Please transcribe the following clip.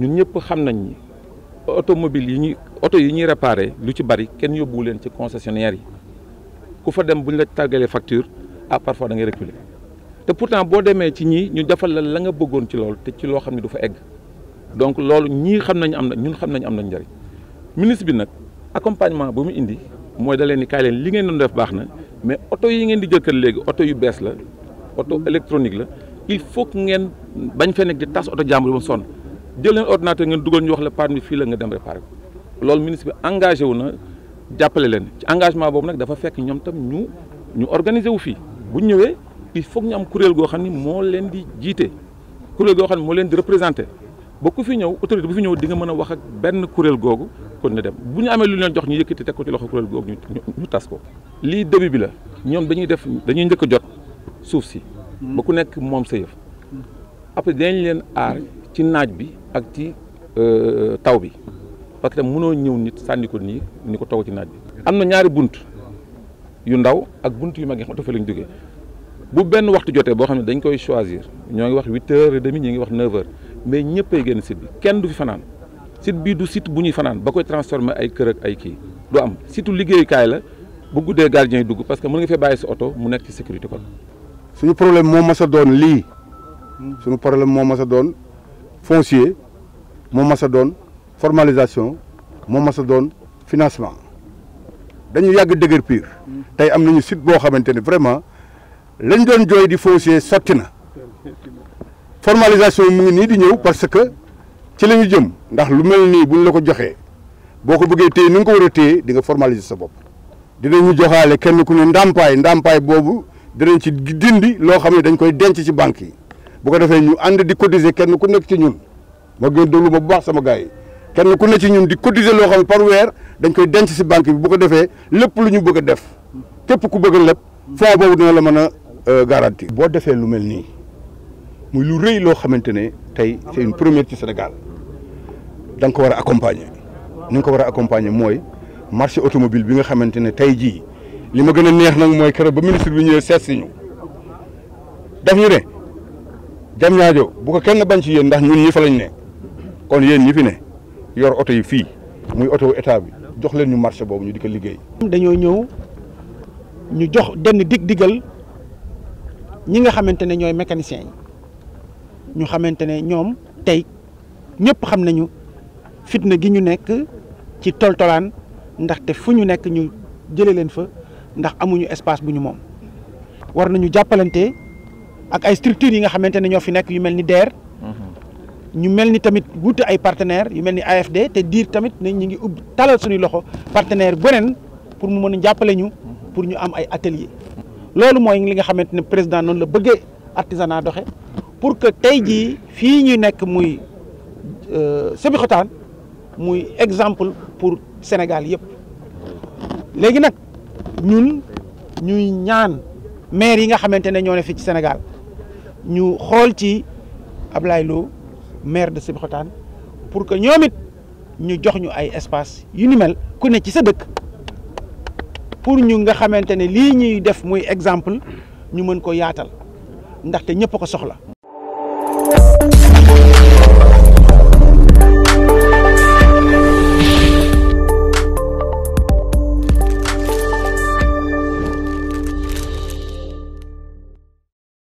ñun ñëpp xam nañ ni automobile yi ñuy oto yi ñuy réparé lu ci bari kenn yóbbuwu leen ci concessionnaire yi ku fa dem bu ñu la tàggalee facture à ah, parfois da ngay reculer te pourtant boo demee ci ñii ñu defal la la nga bëggoon ci loolu te ci loo xam ne du fa egg donc loolu ñii xam nañ am na ñun xam nañ am nañ njëriñ ministre bi nag accompagnement bu mu indi mooy da leen ni kaay leen li ngeen doon def baax na mais oto yi ngeen di jëkkër léegi oto yu bees la oto électronique la il faut ngeen bañ fee nekk di tas oto jël ordinateur ngeen dugal ñu wax la parmi fii la nga dem réparé ko loolu ministre bi engagé wu na jàppale leen ci engagement boobu nag dafa fekk ñoom tam ñu ñu organiser wu fii bu ñëwee il faut ñu am kuréel goo xam ni moo leen di jiite kuréel goo xam ne moo leen di représenté ba ku fi ñëw autorité bu fi ñëw di nga mën a wax ak benn kuréel googu kon ne dem bu ñu amee lu leen jox ñu yëkkati teg ko ci loxo kuréel googu ñu tas ko. lii début bi la ñoom dañuy def dañuy njëkk a jot suuf si. ba ku nekk moom sa yëf après leen aar. ci naaj bi ak ci euh, taw bi parce que munoo ñëw nit sànni ko nii ni ko taw ci naaj bi. am na ñaari bunt yu ndaw ak bunt yu mag yi xam nga fa lañ jógee bu benn waxtu jotee boo xam ne dañ koy choisir ñoo ngi wax huit heures et demi ñi ngi wax neuf heures mais ñëppay génn site bi kenn du fi fanaan site bii du site bu ñuy fanaan ba koy transformer ay kër ak ay kii du am surtout liggéeyukaay la bu guddee gardien yi dugg parce que mën ngi fee bàyyi sa oto mu nekk ci sécurité kon. suñu problème moo mas a doon lii. Hmm. suñu problème moo mas a doon. foncier mon mas donne formalisation mon mas donne financement dañu yàgg dëgër piir Tay am nañu site bo xamante vraiment lañ doon joy di foncier sotti na formalisation mu ngi ni di ñëw parce que ci lañu jëm ndax lu melni buñ la ko joxé boko bëggé bëggee téye ni nga ko war a di nga formaliser sa bopp dinañu joxalé kenn ku ne ndampay ndàmpaay boobu dinañ ci dindi lo xam dañ koy denc ci banque yi bu ko defee ñu ànd di cotiser kenn ku nekk ci ñun ma gën déglu ma bu baax sama gars yi kenn ku nekk ci ñun di cotiser loo xam ne par weer dañ koy denc si banque bi bu ko defee lépp lu ñu bëgg a def képp ku bëgg a lépp fonds boobu dina la mën a euh, garantie. boo defee lu mel nii muy lu rëy loo xamante ne tey c'est une première ci Sénégal da ko war a accompagner ni nga ko war a accompagner mooy marché automobile bi nga xamante ne tey jii li ma gën a neex nag mooy keroog ba ministre bi ñëwee seet si ñu daf ñu ne. jam ñaajo bu ko kenn bañ ci yéen ndax ñun ñi fa lañ ne kon yéen ñi fi ne yor oto yi fii muy oto état bi jox leen ñu marché boobu ñu di ko liggéey. dañoo ñëw ñu jox denn dig digal ñi nga xamante ne ñooy mécaniciens ñu xamante ne ñoom tey ñëpp xam nañu fitna gi ñu nekk ci toltolaan ndaxte fu ñu nekk ñu jëlee leen fa ndax amuñu espace bu ñu moom war nañu jàppalante. ak ay structures yi nga xamantene ñoo fi nek yu melni ni DER. Mhm. ñu melni tamit wuute ay partenaires yu melni AFD té diir tamit ne ñu ngi ubbi talal suñu loxo partenaire beneen pour mu mëna jappalé ñu. Mhm. pour ñu am ay ateliers lolu moy li nga xamantene président non la bëggé artisanat doxé pour que tay ji fi ñu nek muy euh Sébikotane muy exemple pour Sénégal yépp légui nak ñun ñuy ñaan maire yi nga xamantene ñoo ne fi ci Sénégal. ñu xool ci Ablaye Lo maire de Sébikotane pour que ñoom it ñu jox ñu ay espace yu ni mel ku ne ci sa dëkk pour ñu nga xamante ne lii ñuy def muy exemple ñu mën ko yaatal ndaxte ñëpp ko soxla